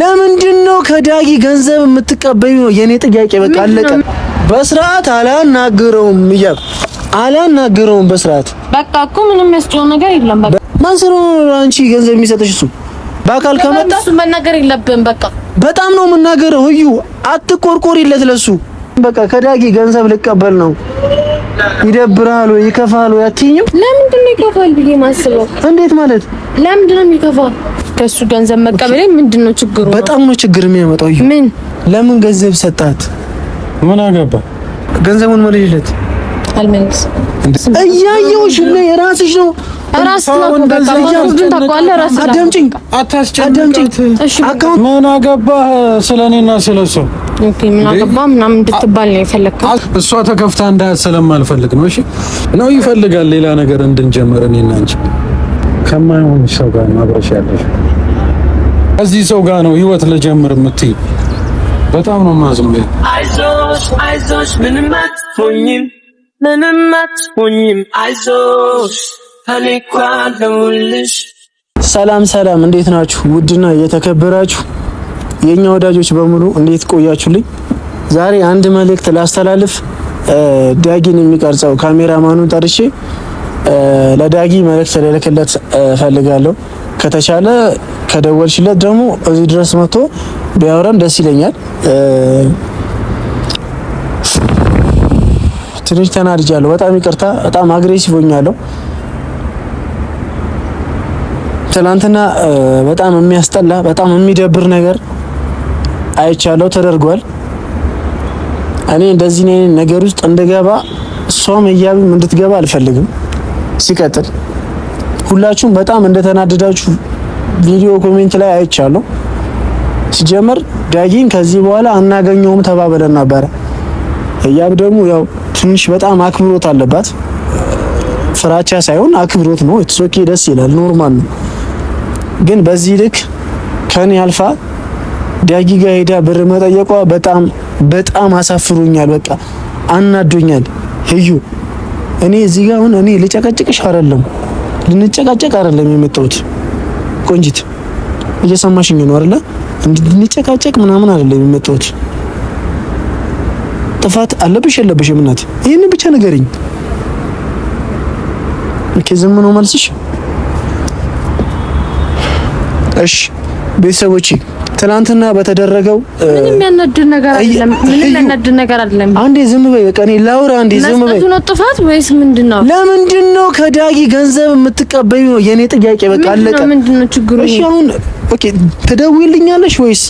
ለምንድን ነው ከዳጊ ገንዘብ የምትቀበዩ? ነው የኔ ጥያቄ። በቃ አለቀ። በስርዓት አላናግረውም እያል አላናግረውም በስርዓት በቃ እኮ ምንም ያስጨው ነገር የለም። በቃ ማን ስለሆነ አንቺ ገንዘብ የሚሰጥሽ እሱ በአካል ከመጣ እሱ መናገር የለብህም። በቃ በጣም ነው የምናገረው። እዩ አትቆርቆሪለት ለሱ። በቃ ከዳጊ ገንዘብ ልቀበል ነው ይደብራል ይከፋሉ። ይከፋል ወይ ለምንድን ነው ይከፋል ብዬ ማስበው? እንዴት ማለት ለምንድን ነው የሚከፋው? ከሱ ገንዘብ መቀበሌ ምንድን ነው ችግሩ? በጣም ነው ችግር የሚያመጣው። ምን ለምን ገንዘብ ሰጣት? ምን አገባ? ገንዘቡን መልሽለት። አልመልስም እያየሁሽ እና የራስሽ ነው። ምን አገባህ ስለኔና ስለሱ ኦኬ፣ ምን አገባህ ምናምን እንድትባል ነው የፈለግከው። እሷ ተከፍታ እንዳያት ስለማልፈልግ ነው። እሺ ነው ይፈልጋል ሌላ ነገር እንድንጀምር እኔና አንቺ ከማይሆን ሰው ጋር ነው አብረሽ ያለሽ። ከዚህ ሰው ጋር ነው ህይወት ልጀምር የምትይ በጣም ነው አይዞሽ አይዞሽ ምንም አትሆኝም ምንም አትሆኝም፣ አይዞሽ ሰላም ሰላም፣ እንዴት ናችሁ? ውድና የተከበራችሁ የኛ ወዳጆች በሙሉ እንዴት ቆያችሁልኝ? ዛሬ አንድ መልእክት ላስተላልፍ። ዳጊን የሚቀርጸው ካሜራማኑን ጠርሼ ለዳጊ መልእክት ልልክለት እፈልጋለሁ። ከተቻለ ከደወልሽለት ደግሞ እዚህ ድረስ መጥቶ ቢያወራን ደስ ይለኛል። ትንሽ ተናድጃለሁ። በጣም ይቅርታ። በጣም አግሬሲቭ ሆኛለሁ። ትናንትና በጣም የሚያስጠላ በጣም የሚደብር ነገር አይቻለሁ ተደርጓል። እኔ እንደዚህ ነገር ውስጥ እንደገባ እሷም እያብም እንድትገባ አልፈልግም። ሲቀጥል ሁላችሁም በጣም እንደተናደዳችሁ ቪዲዮ ኮሜንት ላይ አይቻለሁ። ሲጀምር ዳጊን ከዚህ በኋላ አናገኘውም ተባብለን ነበረ። ህያብ ደግሞ ያው ትንሽ በጣም አክብሮት አለባት። ፍራቻ ሳይሆን አክብሮት ነው። ኦኬ፣ ደስ ይላል፣ ኖርማል ነው። ግን በዚህ ልክ ከኔ አልፋ ዳጊ ጋ ሄዳ ብር መጠየቋ በጣም በጣም አሳፍሮኛል። በቃ አናዶኛል። ህዩ እኔ እዚህ ጋር አሁን እኔ ልጨቀጭቅሽ አይደለም ልንጨቃጨቅ አይደለም የመጣሁት። ቆንጂት እየሰማሽኝ ነው አይደለ? እንድንጨቃጨቅ ምናምን አይደለም የመጣሁት። ጥፋት አለብሽ የለብሽም? እናት ይህንን ብቻ ንገሪኝ። ኦኬ፣ ዝም ነው መልስሽ? እሺ ቤተሰቦቼ ትናንትና በተደረገው ምንም ያናድድ ነገር አይደለም። ምንም ያናድድ ነገር አይደለም። አንዴ ዝም በይ በቃ እኔ ላውራ። አንዴ ዝም በይ። ነው ጥፋት ወይስ ምንድነው? ለምንድነው ከዳጊ ገንዘብ የምትቀበዩ? የኔ ጥያቄ በቃ አለቀ። ምንድነው ችግሩ? እሺ አሁን ኦኬ፣ ትደውይልኛለሽ ወይስ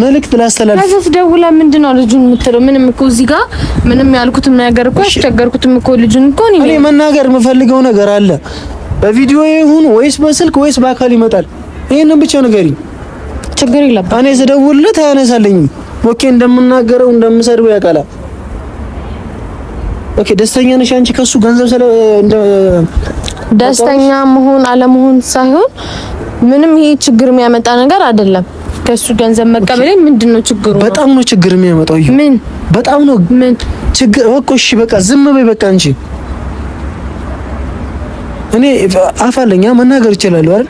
መልእክት ላስተላልፍ። ከዛስ ደውላ ምንድነው ልጁን የምትለው? ምንም እኮ እዚህ ጋር ምንም ያልኩትም ነገር እኮ ያስቸገርኩትም እኮ ልጁን እኮ ነው። እኔ መናገር የምፈልገው ነገር አለ። በቪዲዮ ይሁን ወይስ በስልክ ወይስ በአካል ይመጣል? ይሄንን ብቻ ንገሪኝ። ችግር የለም። እኔ ስደውልለት አያነሳልኝ። ኦኬ፣ እንደምናገረው እንደምሰድበው ያውቃል። ኦኬ፣ ደስተኛ ነሽ አንቺ ከሱ ገንዘብ ስለ ደስተኛ መሆን አለመሆን ሳይሆን ምንም ይሄ ችግር የሚያመጣ ነገር አይደለም። ከሱ ገንዘብ መቀበል ምንድን ነው ችግሩ? በጣም ነው ችግር የሚያመጣው። ይሁን ምን በጣም ነው ምን ችግር እኮ። እሺ በቃ ዝም በይ በቃ እንጂ እኔ አፋለኛ መናገር ይችላል አይደል?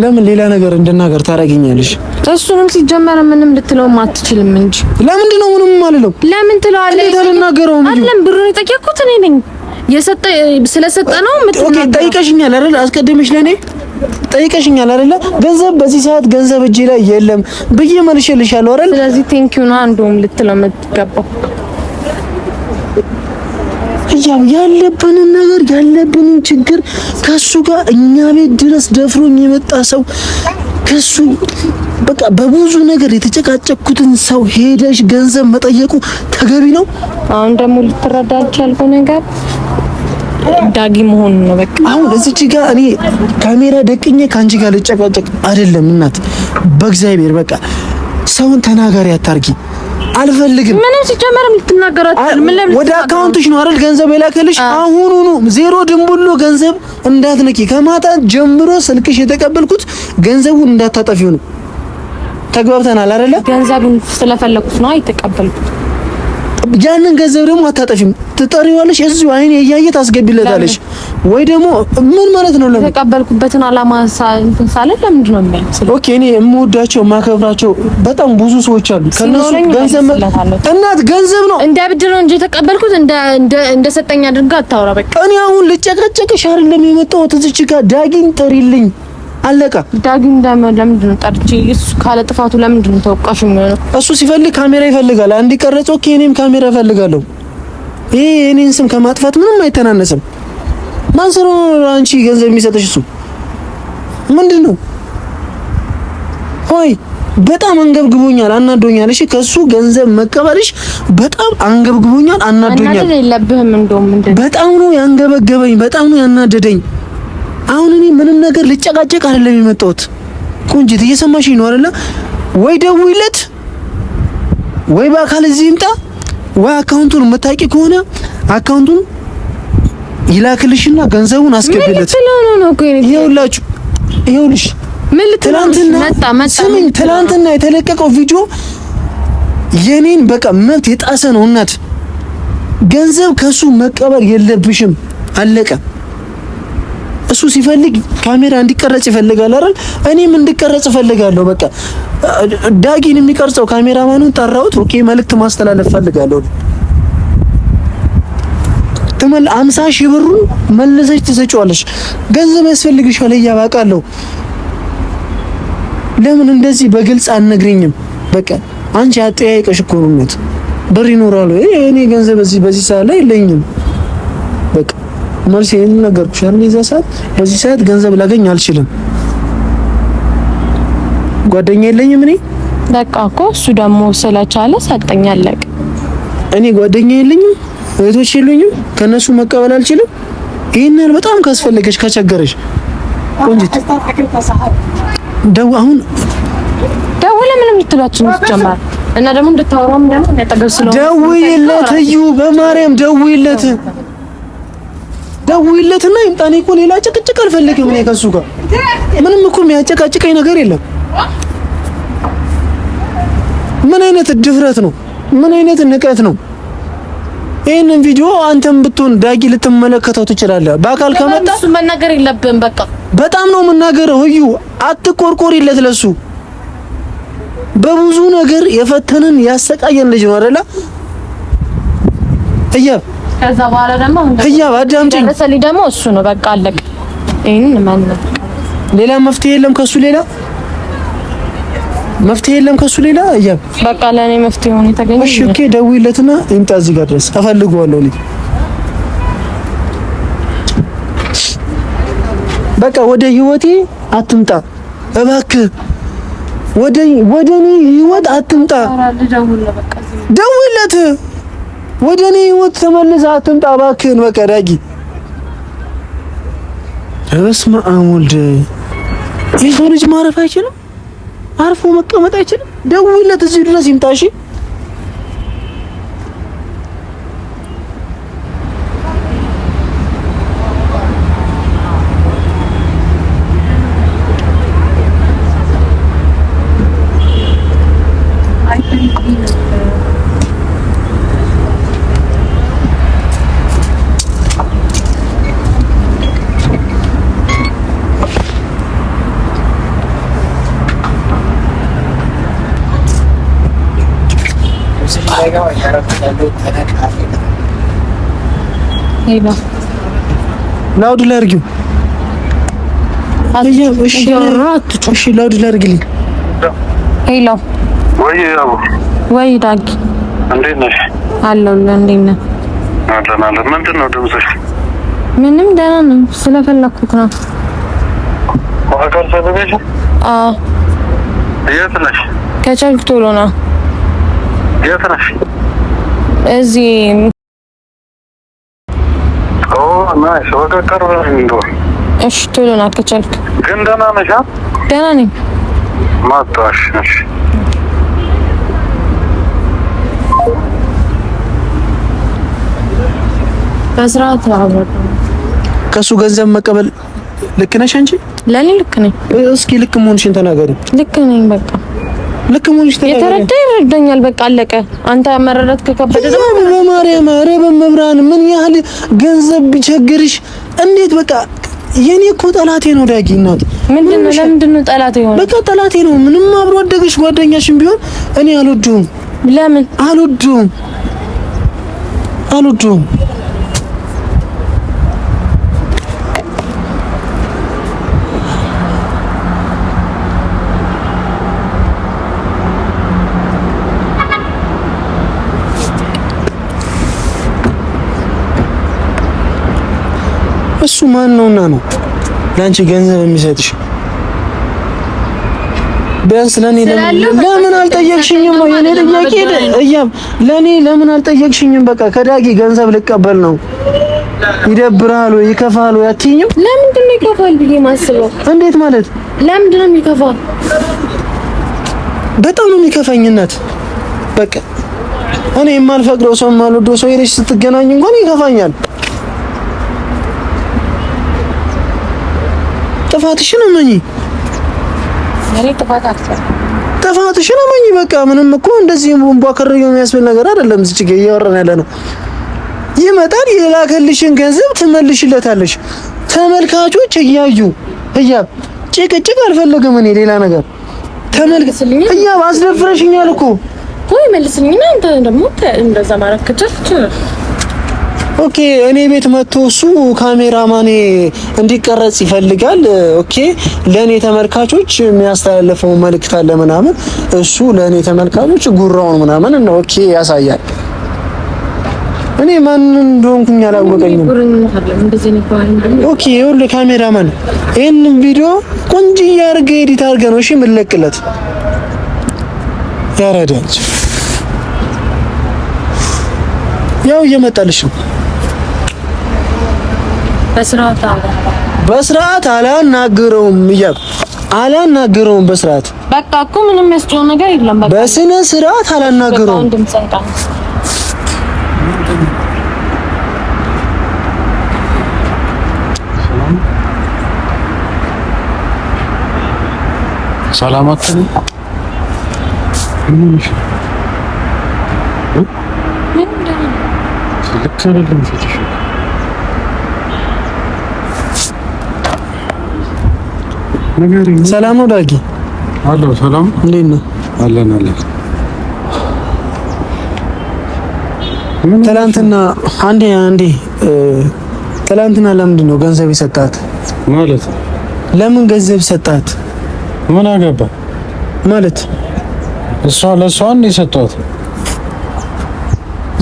ለምን ሌላ ነገር እንድናገር ታደርጊኛለሽ? እሱንም ሲጀመር ምንም ልትለውም አትችልም እንጂ ለምንድን ነው ምንም ማለለው? ለምን ትለዋለህ? ተናገረው ነው አይደል? ብሩን የጠየኩት እኔ ነኝ። የሰጠ ስለሰጠ ነው ምትናገር። ኦኬ ጠይቀሽኛል አይደል? አስቀድመሽ ለኔ ጠይቀሽኛል አይደለ? ገንዘብ በዚህ ሰዓት ገንዘብ እጄ ላይ የለም ብዬ መልሼልሻለሁ አይደል? ስለዚህ ዩ ነው አንዱም ልትለው የምትገባው። ያው ያለብንን ነገር ያለብንን ችግር ከሱ ጋር እኛ ቤት ድረስ ደፍሮኝ የመጣ ሰው ከሱ በቃ በብዙ ነገር የተጨቃጨኩትን ሰው ሄደሽ ገንዘብ መጠየቁ ተገቢ ነው። አሁን ደግሞ ልትረዳ አልቻልኩ ነገር ዳጊ መሆኑ ነው በቃ። አሁን እዚች ጋ እኔ ካሜራ ደቅኜ ከአንቺ ጋር ልጨቃጨቅ አይደለም እናት፣ በእግዚአብሔር በቃ ሰውን ተናጋሪ አታርጊ። አልፈልግም ምንም ሲጨመርም ልትናገራት ምን ለምን ወደ አካውንትሽ ነው አይደል ገንዘብ የላከልሽ አሁን ኑ ዜሮ ድንቡሎ ገንዘብ እንዳትነኪ ከማታ ጀምሮ ስልክሽ የተቀበልኩት ገንዘቡን እንዳታጠፊው ነው ተግባብተናል አይደለ ገንዘቡን ስለፈለኩት ነው የተቀበልኩት ያንን ገንዘብ ደግሞ አታጠፊም። ትጠሪዋለሽ፣ እዚሁ አይኔ እያየ ታስገቢለታለሽ። ወይ ደግሞ ምን ማለት ነው? ለምን ተቀበልኩበትን አላማ ሳለ ለምንድን ነው የሚያልኩት? ኦኬ፣ እኔ የምወዳቸው የማከብራቸው በጣም ብዙ ሰዎች አሉ። ከነሱ ገንዘብ እናት ገንዘብ ነው እንደ ብድር ነው እንጂ የተቀበልኩት እንደ እንደ ሰጠኝ አድርጋ አታውራ። በቃ እኔ አሁን ልጨቀጨቅሽ አይደለም የመጣሁት። እዚች ጋር ዳጊን ጥሪልኝ አለቀ። ዳግም ደም ለምንድን ነው ጠርቼ? እሱ ካለ ጥፋቱ ለምንድን ነው ተወቃሽ የሚሆነው? እሱ ሲፈልግ ካሜራ ይፈልጋል። አንድ ቀረጸው፣ እኔም ካሜራ እፈልጋለሁ። ይሄ የእኔን ስም ከማጥፋት ምንም አይተናነስም። ማን ስሮ አንቺ ገንዘብ የሚሰጥሽ እሱ ምንድን ነው? ሆይ በጣም አንገብግቦኛል፣ አናዶኛል። እሺ ከሱ ገንዘብ መቀበልሽ በጣም አንገብግቦኛል፣ አናዶኛል። በጣም ነው ያንገበገበኝ፣ በጣም ነው ያናደደኝ። አሁን እኔ ምንም ነገር ልጨቃጨቅ አይደለም የመጣሁት። ቁንጅት እየሰማሽኝ ነው አይደለ? ወይ ደውይለት ወይ በአካል እዚህ ይምጣ ወይ አካውንቱን የምታውቂ ከሆነ አካውንቱን ይላክልሽና ገንዘቡን አስገቢለት። ይኸውላችሁ ይኸውልሽ ስሚኝ፣ ትላንትና የተለቀቀው ቪዲዮ የኔን በቃ መብት የጣሰ ነው። እናት ገንዘብ ከሱ መቀበል የለብሽም። አለቀ። እሱ ሲፈልግ ካሜራ እንዲቀረጽ ይፈልጋል አይደል? እኔም እንድቀረጽ እፈልጋለሁ። በቃ ዳጊን የሚቀርጸው ካሜራማኑን ጠራሁት። ኦኬ መልእክት ማስተላለፍ ፈልጋለሁ። ተመል አምሳ ሺህ ብሩ መለሰች ትሰጪዋለሽ። ገንዘብ ያስፈልግሻል እያባቃለሁ። ለምን እንደዚህ በግልጽ አንነግሪኝም? በቃ አንቺ አጠያይቀሽ እኮ ነው። ብር ይኖራል ወይ? እኔ ገንዘብ በዚህ በዚህ ሰዓት ላይ የለኝም። መልስ ይሄን ነገርኩሽ አይደል? የዛ ሰዓት በዚህ ሰዓት ገንዘብ ላገኝ አልችልም፣ ጓደኛ የለኝም እኔ በቃ እኮ እሱ ደግሞ ስለቻለ ሰጠኝ፣ አለቅ። እኔ ጓደኛ የለኝም፣ እህቶች የሉኝም፣ ከነሱ መቀበል አልችልም። ይሄን ያህል በጣም ካስፈለገሽ ከቸገረሽ፣ ቆንጂት ደው አሁን ደውለህ ምንም ልትላችሁ ነው ጀማር እና ደግሞ እንድታወራም ደግሞ ያጠገብ ስለሆነ ደውይለት እዩ፣ በማርያም ደውይለት። ደውይለትና ይምጣ። እኔ እኮ ሌላ ጭቅጭቅ አልፈልግም። እኔ ከሱ ጋር ምንም እኮ የሚያጨቃጭቀኝ ነገር የለም። ምን አይነት ድፍረት ነው? ምን አይነት ንቀት ነው? ይህንን ቪዲዮ አንተም ብትሆን ዳጊ ልትመለከተው ትችላለህ። በአካል ከመጣ እሱ መናገር የለብህም። በቃ በጣም ነው የምናገረው። እዩ አትቆርቆሪለት። ለሱ በብዙ ነገር የፈተንን ያሰቃየን ልጅ ነው አይደለ? እያ ከዛ በኋላ ደግሞ ህያብ አዳምጪኝ፣ መሰለኝ ደግሞ እሱ ነው በቃ አለቅ። ይሄን ማን ሌላ መፍትሄ የለም ከሱ ሌላ መፍትሄ የለም ከሱ ሌላ ህያብ፣ በቃ ለኔ መፍትሄ ሆነ የተገኘ። እሺ ኦኬ፣ ደውይለትና ይምጣ እዚህ ጋር ድረስ እፈልገዋለሁ እኔ በቃ ወደ ህይወቴ አትምጣ እባክህ፣ ወደ ወደ እኔ ህይወት አትምጣ። ደውይለት ደውይለት ወደ እኔ ህይወት ተመልሰህ አትምጣ እባክህን። በቃ ዳጊ፣ በስመ አብ ወልድ። የሰው ልጅ ማረፍ አይችልም? አርፎ መቀመጥ አይችልም? ደውይለት እዚህ ድረስ ይምጣ። እሺ ላውድ ላድርጊው። እሺ ላውድ ላድርግልኝ። ሄሎ ወይ ዳጊ፣ እንዴት ነሽ? አለሁልህ። እንዴት ነህ? ደህና ነህ? ምንድን ነው ድምፅሽ? ምንም ደህና ነው። ስለፈለኩት ነው። አዎ። የት ነሽ? ከቻልክ ቶሎ ና እዚህ እሺ፣ ቶሎ ና ከቻልክ። ግን ደህና ነሽ? ደህና ነኝ። ማጣሽ በስርዓት ከእሱ ገንዘብ መቀበል ልክ ነሽ አንቺ? ለእኔ ልክ ነኝ። እስኪ ልክ መሆንሽን ተናገሪ። ልክ ነኝ በቃ ልክ መሆንሽ የተረዳ ይረዳኛል። በቃ አለቀ። አንተ መረዳት ከከበደ በማርያም ኧረ በመብራን ምን ያህል ገንዘብ ቢቸግርሽ እንዴት በቃ የኔ እኮ ጠላቴ ነው ዳጊ። እናት ምንድን ነው ለምንድን ነው ጠላቴ ሆነ? በቃ ጠላቴ ነው። ምንም አብሮ አደግሽ ጓደኛሽም ቢሆን እኔ አልወደውም። ለምን አልወደውም? አልወደውም እሱ ማን ነውና ነው ለአንቺ ገንዘብ የሚሰጥሽ? ቢያንስ ለኔ ለምን አልጠየቅሽኝም ነው የኔ ጥያቄ። እያም ለኔ ለምን አልጠየቅሽኝም? በቃ ከዳጊ ገንዘብ ልቀበል ነው። ይደብራሉ፣ ይከፋሉ ያትኝም። ለምንድን ነው ይከፋል ብዬ ማስበው? እንዴት ማለት ለምንድን ነው የሚከፋው? በጣም ነው የሚከፋኝ በቃ እኔ የማልፈቅደው ሰው የማልወደው ሰው ሄደሽ ስትገናኝ እንኳን ይከፋኛል። ጥፋትሽን እመኚ። ጥፋትሽን እመኚ። በቃ ምንም እኮ እንደዚህ ቦንቧከር የሚያስብል ነገር አይደለም። እዚህ ችግር እያወራን ያለ ነው። ይመጣል። የላከልሽን ገንዘብ ትመልሽለታለሽ። ተመልካቾች እያዩ ህያብ ጭቅጭቅ አልፈለግም። እኔ ሌላ ነገር ተመልክስልኝ። ህያብ አስደፍረሽኛል እኮ ወይ መልስልኝና አንተ ደግሞ እንደዛ ማረክ ማረከቻችሁ ኦኬ እኔ ቤት መጥቶ እሱ ካሜራማኔ እንዲቀረጽ ይፈልጋል። ኦኬ ለእኔ ተመልካቾች የሚያስተላልፈው መልእክት አለ ምናምን፣ እሱ ለእኔ ተመልካቾች ጉራውን ምናምን እና ኦኬ ያሳያል። እኔ ማን እንደሆንኩኝ አላወቀኝም። ኦኬ ይኸውልህ ካሜራማን ይህን ቪዲዮ ቆንጆ አድርገህ ኤዲት አድርገህ ነው እሺ የምንለቅለት ያረዳች ያው እየመጣልሽ ነው። በስርዓት አላናግረውም እያልኩ አላናግረውም በስርዓት በቃ እኮ ምንም የሚያስጨው ነገር የለም። በቃ በስነ ስርዓት አላናግረውም። ሰላማችን ምን ሰላም ነው ዳጊ? አለሁ። ሰላም እንዴት ነው? አለን አለን። ትናንትና አንዴ አንዴ ትናንትና ለምንድን ነው ገንዘብ የሰጣት? ማለት ለምን ገንዘብ ሰጣት? ምን አገባ ማለት እሷ ለእሷ እንደ ሰጧት።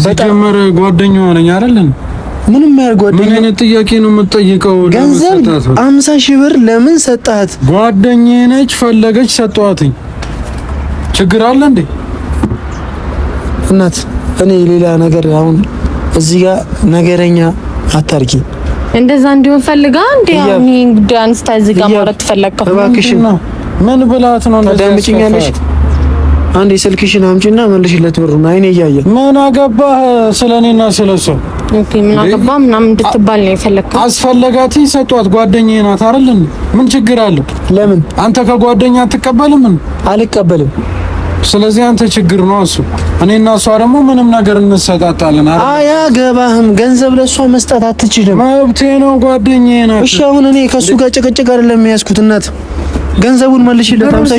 ሲጀመር ጓደኛዋ ነኝ አይደለን? ምንም ያልጓደኛ ምን አይነት ጥያቄ ነው የምትጠይቀው? ገንዘብ አምሳ ሺህ ብር ለምን ሰጣት? ጓደኛዬ ነች ፈለገች ሰጧትኝ። ችግር አለ እንዴ? እናት እኔ ሌላ ነገር አሁን እዚህ ጋር ነገረኛ አታርጊ። እንደዛ እንዲሆን ፈልጋ እንዴ? አሁን ጉዳይ አንስታ እዚህ ጋር ማውራት ፈለግከው? እባክሽ ምን ብላት ነው? ታዳምጪኛለሽ አንድ የስልክሽን አምጪና መልሽለት ብሩ ነው። አይኔ እያየ ምን አገባህ ስለኔና ስለሱ? ኦኬ ምን አገባህ ምናምን እንድትባል ነው የፈለግከው? አስፈለጋት ሰጧት። ጓደኛዬ ናት አይደልን? ምን ችግር አለ? ለምን አንተ ከጓደኛ አትቀበልም? አልቀበልም። ስለዚህ አንተ ችግር ነው እሱ። እኔና እሷ ደግሞ ምንም ነገር እንሰጣጣለን አይደል? አያገባህም። ገንዘብ ለእሷ መስጠት አትችልም። መብቴ ነው። ጓደኛዬ ናት። እሺ አሁን እኔ ከእሱ ጋር ጭቅጭቅ አይደለም የሚያዝኩት እናት ገንዘቡን መልሽለት። አምሳ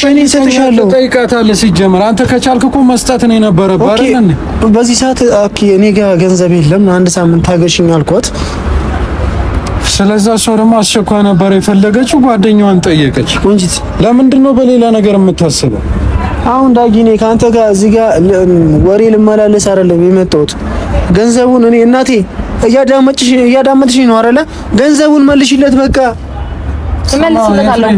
ሺህ ሲጀመር አንተ ከቻልክ እኮ መስጠት ነው የነበረብህ በዚህ ሰዓት ኦኬ፣ እኔ ጋር ገንዘብ የለም፣ አንድ ሳምንት ታገሽኝ አልኳት። ስለዛ ሰው ደግሞ አስቸኳይ ነበር የፈለገችው፣ ጓደኛዋን ጠየቀች። ቆንጂት፣ ለምንድን ነው በሌላ ነገር የምታስበው? አሁን ዳጊ፣ እኔ ከአንተ ጋር እዚህ ጋር ወሬ ልመላለስ አይደለም የመጣሁት። ገንዘቡን እኔ እናቴ እያዳመጥሽ እያዳመጥሽ ነው አይደለ? ገንዘቡን መልሽለት በቃ እመልስለታለሁ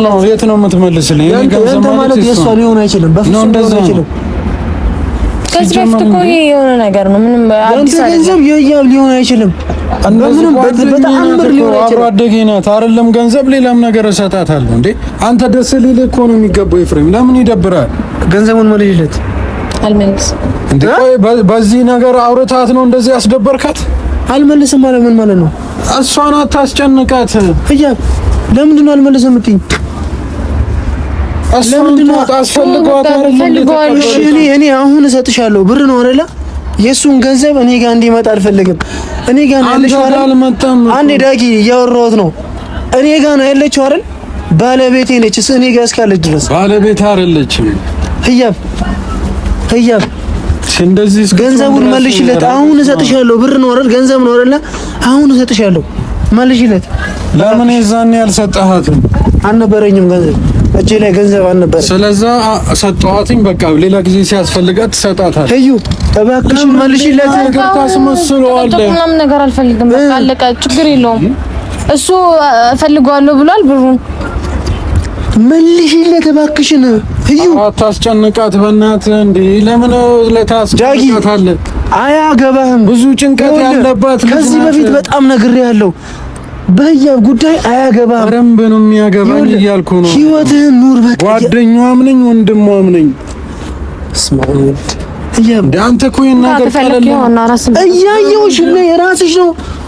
እኮ የት ነው የምትመልስልኝ? ገንዘብ ማለት ሊሆን አይችልም። በፍጹም ነገር ነው። ምንም አዲስ አይደለም። ገንዘብ አደጌ ናት አይደለም። ገንዘብ ሌላም ነገር እሰጣታለሁ እንዴ። አንተ ደስ ሊልህ እኮ ነው የሚገባው። ኤፍሬም ለምን ይደብራል? ገንዘቡን መልሽለት። አልመልስም በዚህ ነገር አውርታት ነው እንደዚህ ያስደበርካት። አልመልስም ማለት ምን ማለት ነው? እሷን አታስጨንቃት። እያ ለምንድን ነው አልመለሰም የምትይኝ? እኔ አሁን እሰጥሻለሁ ብር ነው አይደለ? የእሱን ገንዘብ እኔ ጋር እንዲመጣ አልፈልግም እኔ ጋር ነው አንዴ ዳጊ እያወራሁት ነው። እኔ ጋር ነው ያለችው አይደል? ባለቤቴ ነች። እኔ ጋር እስካለች ድረስ ባለቤት አይደለችም። ህያብ ህያብ፣ እንደዚህ ገንዘቡን መልሽለት። አሁን እሰጥሻለሁ ብር ነው አይደል? ገንዘብ ነው አይደለ? አሁን እሰጥሻለሁ። መልሽለት። ለምን የዛኔ ያልሰጠሃትም? አልነበረኝም ገንዘብ እጄ ላይ ገንዘብ አልነበረ። ስለዛ ሰጠዋትኝ። በቃ ሌላ ጊዜ ሲያስፈልጋት ትሰጣታል። እዩ እባክሽ መልሽለት። ምናምን ነገር አልፈልግም። በቃ አለቀ። ችግር የለውም። እሱ እፈልገዋለሁ ብሏል ብሩን መልሽለት እባክሽን። እዩ አታስጨንቃት፣ በእናትህ እንዴ! ለምን ለታስጨንቃታለህ? አያገባህም። ብዙ ጭንቀት ያለባት ከዚህ በፊት በጣም ነግሬሃለሁ። በያ ጉዳይ አያገባህም። ረምብ ነው የሚያገባኝ እያልኩ ነው። ህይወትህን ኑር በቃ። ጓደኛዋም ነኝ ወንድሟም ነኝ። እያየሁሽ ነው የራስሽ ነው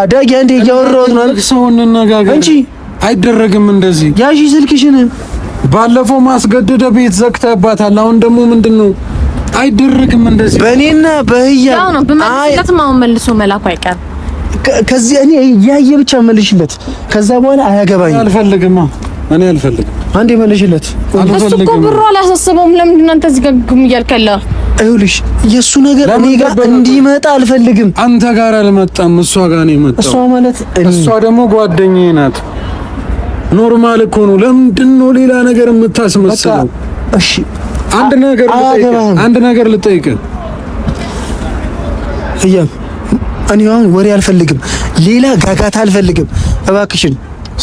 አዳጊ አንዴ እያወራሁት ነው ሰው እንነጋገር እንጂ አይደረግም እንደዚህ። ያሺ ስልክሽን ባለፈው ማስገደደ ቤት ዘግተባታል። አሁን ደግሞ ምንድን ነው? አይደረግም እንደዚህ በእኔና በህያ ያው ነው በማለት ነው መልሶ መላኩ አይቀር ከዚህ እኔ ያየ ብቻ መልሽለት። ከዛ በኋላ አያገባኝም። አልፈልግም እኔ አልፈልግም። አንዴ መልሽለት። እሱ እኮ ብሩ አላሳስበውም። ለምንድን ነው አንተ እዚህ ጋር ግም እያልከለህ ይኸውልሽ የእሱ ነገር እኔ ጋር እንዲመጣ አልፈልግም። አንተ ጋር አልመጣም፣ እሷ ጋር ነው የመጣው። እሷ ማለት እሷ ደግሞ ጓደኛዬ ናት። ኖርማል እኮ ነው። ለምንድን ነው ሌላ ነገር የምታስመስለው? እሺ አንድ ነገር ልጠይቅህ፣ አንድ ነገር ልጠይቅህ እያ እኔ አሁን ወሬ አልፈልግም፣ ሌላ ጋጋታ አልፈልግም፣ እባክሽን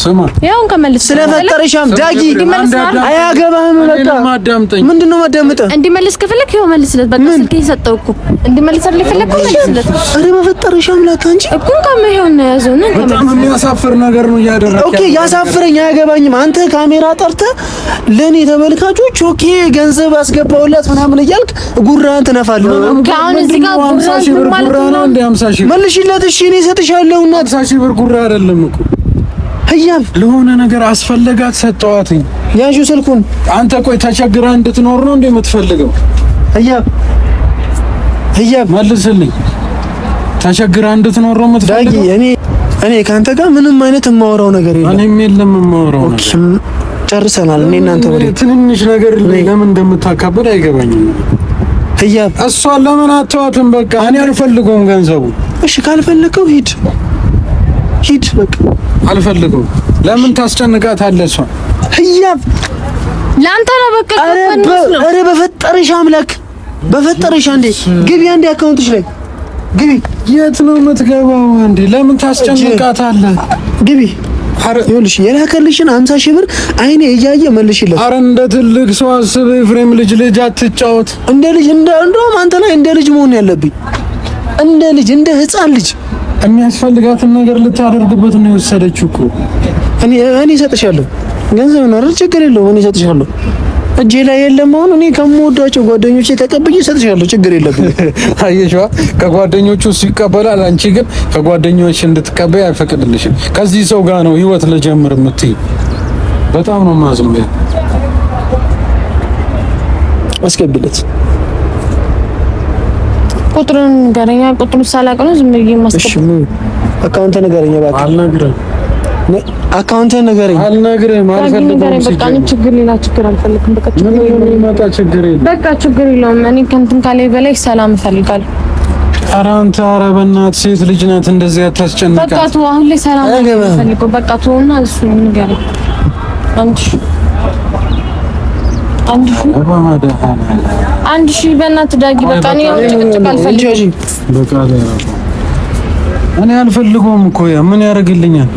ስማ ያውን ከመልስ ስለፈጠረሻም ዳጊ አያገባህም። በቃ ምንድን ነው የማዳምጠህ? እንዲመልስ ከፈለክ ይኸው መልስለት። በቃ ስልክ የሰጠው እኮ እንዲመልስ አይደል የፈለከው? መልስለት። ኧረ በፈጠረሻም ላካ እንጂ እኮ በጣም የሚያሳፍር ነገር ነው እያደረግህ። ኦኬ ያሳፍረኝ፣ አያገባኝም። አንተ ካሜራ ጠርተህ ለእኔ ተመልካቾች ኦኬ ገንዘብ አስገባውላት ምናምን እያልክ ጉራህን ትነፋለህ። መልሽለት። እሺ እኔ እሰጥሻለሁ። እናት ጉራ አይደለም እኮ ህያብ ለሆነ ነገር አስፈለጋት ሰጠዋትኝ። ያዡ ስልኩን አንተ ቆይ ተቸግራ እንድትኖር ነው እንዴ የምትፈልገው? ህያብ ህያብ መልስልኝ። ተቸግራ እንድትኖር ነው የምትፈልገው? ዳጊ እኔ እኔ ካንተ ጋር ምንም አይነት የማወራው ነገር የለም። እኔም የለም የማወራው ነገር ጨርሰናል። እኔ እናንተ ወደ ትንንሽ ነገር ለምን እንደምታካብድ አይገባኝም። ህያብ እሷን ለምን አተዋትም? በቃ እኔ አልፈልገውም ገንዘቡ። እሺ ካልፈለገው ሂድ ሂድ በቃ። አልፈልገው። ለምን ታስጨንቃታለህ? እሷን ህያብ ለአንተ ነው በቃ። ኧረ በፈጠረሽ አምላክ በፈጠረሽ አንዴ ግቢ፣ አንዴ አካውንትሽ ላይ ግቢ። የት ነው የምትገባው? አንዴ ለምን ታስጨንቃታለህ? ግቢ ይኸውልሽ የላከልሽን አምሳ ሺህ ብር አይኔ እያየ መልሽለት። አረ እንደ ትልቅ ሰው አስብ ኤፍሬም፣ ልጅ ልጅ አትጫወት። እንደ ልጅ እንደውም አንተ ላይ እንደ ልጅ መሆን ያለብኝ እንደ ልጅ እንደ ህፃን ልጅ የሚያስፈልጋትን ነገር ልታደርግበት ነው የወሰደችው እኮ። እኔ እኔ እሰጥሻለሁ ገንዘብ ነው አይደል? ችግር የለውም። እኔ እሰጥሻለሁ እጄ ላይ የለም። አሁን እኔ ከምወዳቸው ጓደኞቼ ተቀብዬ እሰጥሻለሁ። ችግር የለብኝ። አየሽዋ፣ ከጓደኞቹ እሱ ይቀበላል። አንቺ ግን ከጓደኞች እንድትቀበይ አይፈቅድልሽም። ከዚህ ሰው ጋር ነው ህይወት ልጀምር የምትይ። በጣም ነው ማዝነው። አስገቢለት ቁጥሩን ንገረኛ። ቁጥሩን ሳላቅ ነው ዝም ብዬ አካውንት ንገረኛ እባክህ። አካውንት ንገረኝ። አልነግርህም። በቃ ችግር ሌላ የለም። በቃ ችግር የለውም። እኔ ከእንትን ካለኝ በላይ ሰላም እፈልጋለሁ። ኧረ አንተ ኧረ በእናትህ ሴት ልጅ ናት እንደዚህ አታስጨንቃት። በቃ ተው አሁን ላይ ሰላም እፈልጋለሁ። በቃ ተውና እሱ ንገረኝ አንቺ አንድ ሺ በእናትህ ዳጊ፣ በቃ ጭቅጭቅ አልፈልግም። እኔ አልፈልገውም እኮ ያ ምን ያደርግልኛል?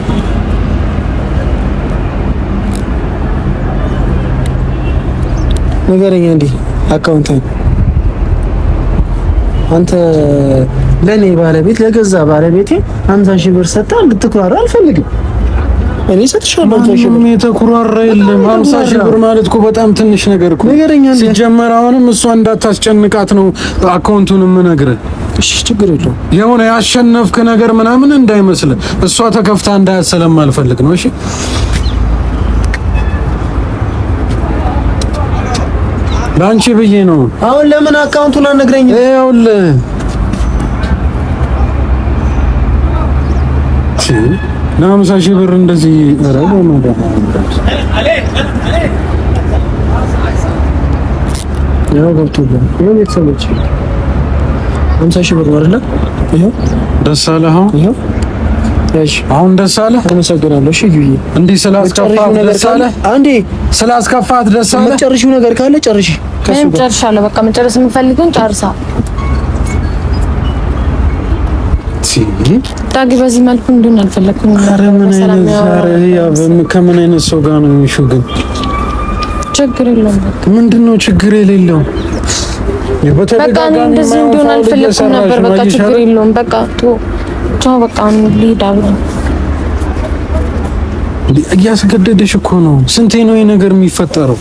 ንገረኝ እንዴ አካውንቴን አንተ ለእኔ ባለቤት ለገዛ ባለቤቴ ሀምሳ ሺህ ብር ሰጥተህ እንድትኩራራ አልፈልግም። እኔ ሰጥሻለሁ። የተኩራራ የለም። ሀምሳ ሺህ ብር ማለት እኮ በጣም ትንሽ ነገር እኮ ሲጀመር፣ አሁንም እሷ እንዳታስጨንቃት ነው አካውንቱን የምነግርህ። እሺ፣ ችግር የለውም። የሆነ ያሸነፍክ ነገር ምናምን እንዳይመስል እሷ ተከፍታ እንዳያሰለም አልፈልግ ነው። እሺ ለአንቺ ብዬ ነው። አሁን ለምን አካውንቱን አነግረኝ? ይኸውልህ ለሀምሳ ሺህ ብር እንደዚህ ይሄ ሀምሳ ሺህ ብር ደስ አለህ። አሁን ደስ አመሰግናለሁ። እሺ፣ እንዲህ ስላስከፋት ደስ አንዴ ስላስከፋት ደስ ነገር ካለ ጨርሺ። እኔም ጨርሻለሁ። በቃ መጨረስ የምፈልገውን ጨርሳ ዳጊ በዚህ መልኩ እንዲሆን አልፈለኩም። ከምን አይነት ሰው ጋር ነው የሚሹ? ግን ችግር የለውም። ምንድን ነው ችግር የሌለው? በቃ እንደዚህ እንዲሆን አልፈለኩም ነበር። በቃ ችግር የለውም። በቃ ቻው። በቃ ልሂድ። እያስገደደሽ እኮ ነው። ስንቴ ነው ይሄ ነገር የሚፈጠረው?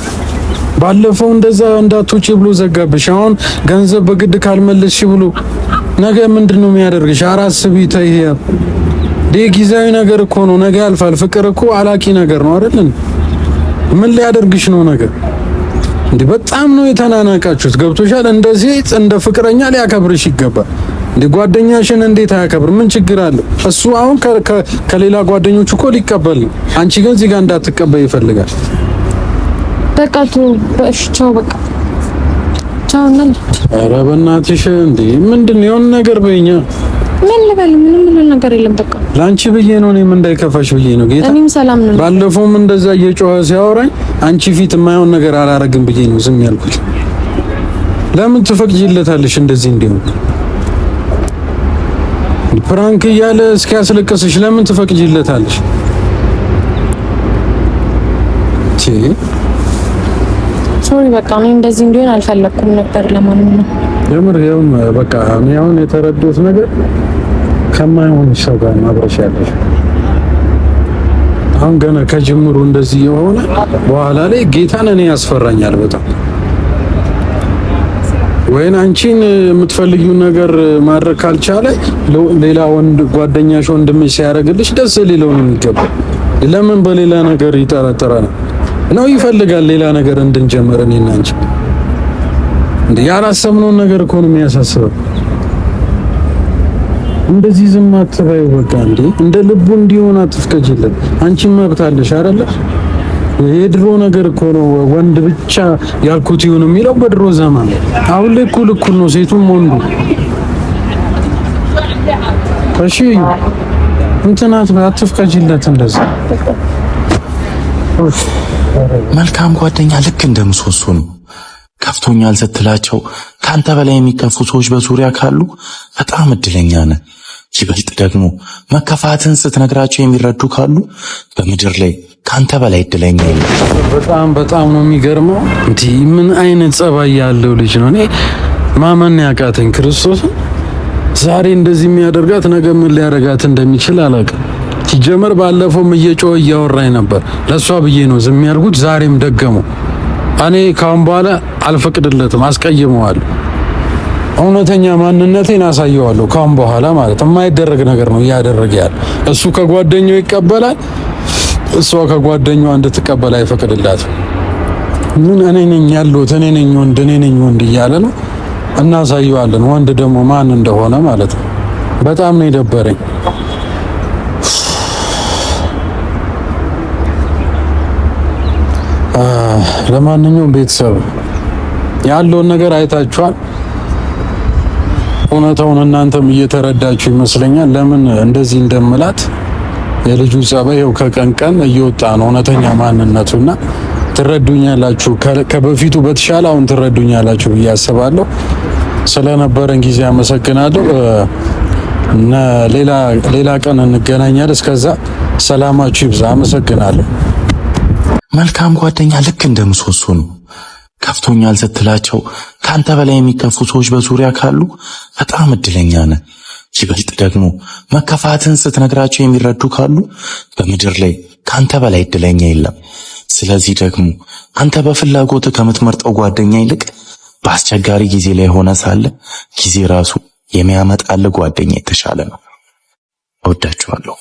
ባለፈው እንደዛ እንዳትወጪ ብሎ ዘጋብሽ። አሁን ገንዘብ በግድ ካልመለስሽ ብሎ ነገ ምንድን ነው የሚያደርግሽ? ኧረ አስቢ ተይ። ጊዜያዊ ነገር እኮ ነው፣ ነገ ያልፋል። ፍቅር እኮ አላቂ ነገር ነው አይደልን? ምን ሊያደርግሽ ነው ነገ? በጣም ነው የተናናቃችሁት። ገብቶሻል? እንደ ሴት እንደ ፍቅረኛ ሊያከብርሽ ይገባል። እንዲ ጓደኛሽን እንዴት አያከብር? ምን ችግር አለ? እሱ አሁን ከሌላ ጓደኞቹ እኮ ሊቀበል ነው። አንቺ ግን እዚህ ጋር እንዳትቀበል ይፈልጋል። በቃ ተው፣ በቃ ብቻ ኧረ በእናትሽ እንዴ! ምንድን የሆነ ነገር በይኛ። ምን ልበል? ምንም ምንም ነገር የለም። በቃ ለአንቺ ብዬ ነው፣ እኔም እንዳይከፋሽ ብዬ ነው ጌታ። እኔም ሰላም ነው። ባለፈውም እንደዛ እየጮኸ ሲያወራኝ አንቺ ፊት የማይሆን ነገር አላረግም ብዬ ነው ዝም ያልኩት። ለምን ትፈቅጂለታለሽ እንደዚህ እንዲሆን? ፕራንክ እያለ እስኪያስለቅስሽ ለምን ትፈቅጂለታለሽ? ሶሪ በቃ እኔ እንደዚህ እንዲሆን አልፈለኩም ነበር። ለማንም ነው የምር ይሁን በቃ እኔ አሁን የተረዳሁት ነገር ከማይሆን ሰው ጋር ማብረሽ ያለሽ አሁን ገና ከጅምሩ እንደዚህ የሆነ በኋላ ላይ ጌታን እኔ ያስፈራኛል በጣም ወይን አንቺን የምትፈልጊው ነገር ማድረግ ካልቻለ ሌላ ወንድ ጓደኛሽ ወንድምሽ ሲያደርግልሽ ደስ ሊለው ነው የሚገባው። ለምን በሌላ ነገር ይጠረጠራል? ነው ይፈልጋል ሌላ ነገር እንድንጀምር እኔና አንቺ እንዴ ያላሰብነውን ነገር እኮ ነው የሚያሳስበው። እንደዚህ ዝም አትበይ በቃ እንዴ እንደ ልቡ እንዲሆን አትፍቀጅለት። አንቺም መብት አለሽ አይደለ? የድሮ ነገር እኮ ነው ወንድ ብቻ ያልኩት ይሁን የሚለው በድሮ ዘመን። አሁን ላይ እኩል እኩል ነው ሴቱም ወንዱ። እሺ እንትን አትበይ፣ አትፍቀጅለት እንደዚህ መልካም ጓደኛ ልክ እንደ ምሰሶ ነው። ከፍቶኛል ስትላቸው ካንተ በላይ የሚከፉ ሰዎች በዙሪያ ካሉ በጣም እድለኛ ነ ይበልጥ ደግሞ መከፋትን ስትነግራቸው የሚረዱ ካሉ በምድር ላይ ካንተ በላይ እድለኛ የለም። በጣም በጣም ነው የሚገርመው። እንዲ ምን አይነት ጸባይ ያለው ልጅ ነው? እኔ ማመን ያቃተኝ ክርስቶስን ዛሬ እንደዚህ የሚያደርጋት ነገ ምን ሊያደርጋት እንደሚችል አላውቅም። ሲጀመር ባለፈውም እየጮህ እያወራኝ ነበር። ለእሷ ብዬ ነው ዝም ያልኩት። ዛሬም ደገሙ። እኔ ካሁን በኋላ አልፈቅድለትም፣ አስቀይመዋለሁ። እውነተኛ ማንነቴን አሳየዋለሁ። ካሁን በኋላ ማለት የማይደረግ ነገር ነው እያደረገ ያለ። እሱ ከጓደኛው ይቀበላል፣ እሷ ከጓደኛዋ እንድትቀበል አይፈቅድላትም። ምን እኔ ነኝ ያለሁት እኔ ነኝ ወንድ እኔ ነኝ ወንድ እያለ ነው። እናሳየዋለን ወንድ ደግሞ ማን እንደሆነ ማለት ነው። በጣም ነው የደበረኝ። ለማንኛውም ቤተሰብ ያለውን ነገር አይታችኋል። እውነታውን እናንተም እየተረዳችሁ ይመስለኛል። ለምን እንደዚህ እንደምላት የልጁ ጸባይ ይኸው ከቀን ቀን እየወጣ ነው እውነተኛ ማንነቱና ትረዱኛላችሁ። ከበፊቱ በተሻለ አሁን ትረዱኛላችሁ ብዬ አስባለሁ። ስለነበረን ጊዜ አመሰግናለሁ። ሌላ ቀን እንገናኛለን። እስከዛ ሰላማችሁ ይብዛ። አመሰግናለሁ። መልካም ጓደኛ ልክ እንደ ምሰሶ ነው። ከፍቶኛል ስትላቸው ካንተ በላይ የሚከፉ ሰዎች በዙሪያ ካሉ በጣም እድለኛ ነ ይበልጥ ደግሞ መከፋትን ስትነግራቸው የሚረዱ ካሉ በምድር ላይ ካንተ በላይ እድለኛ የለም። ስለዚህ ደግሞ አንተ በፍላጎት ከምትመርጠው ጓደኛ ይልቅ በአስቸጋሪ ጊዜ ላይ ሆነ ሳለ ጊዜ ራሱ የሚያመጣልህ ጓደኛ የተሻለ ነው። እወዳችኋለሁ።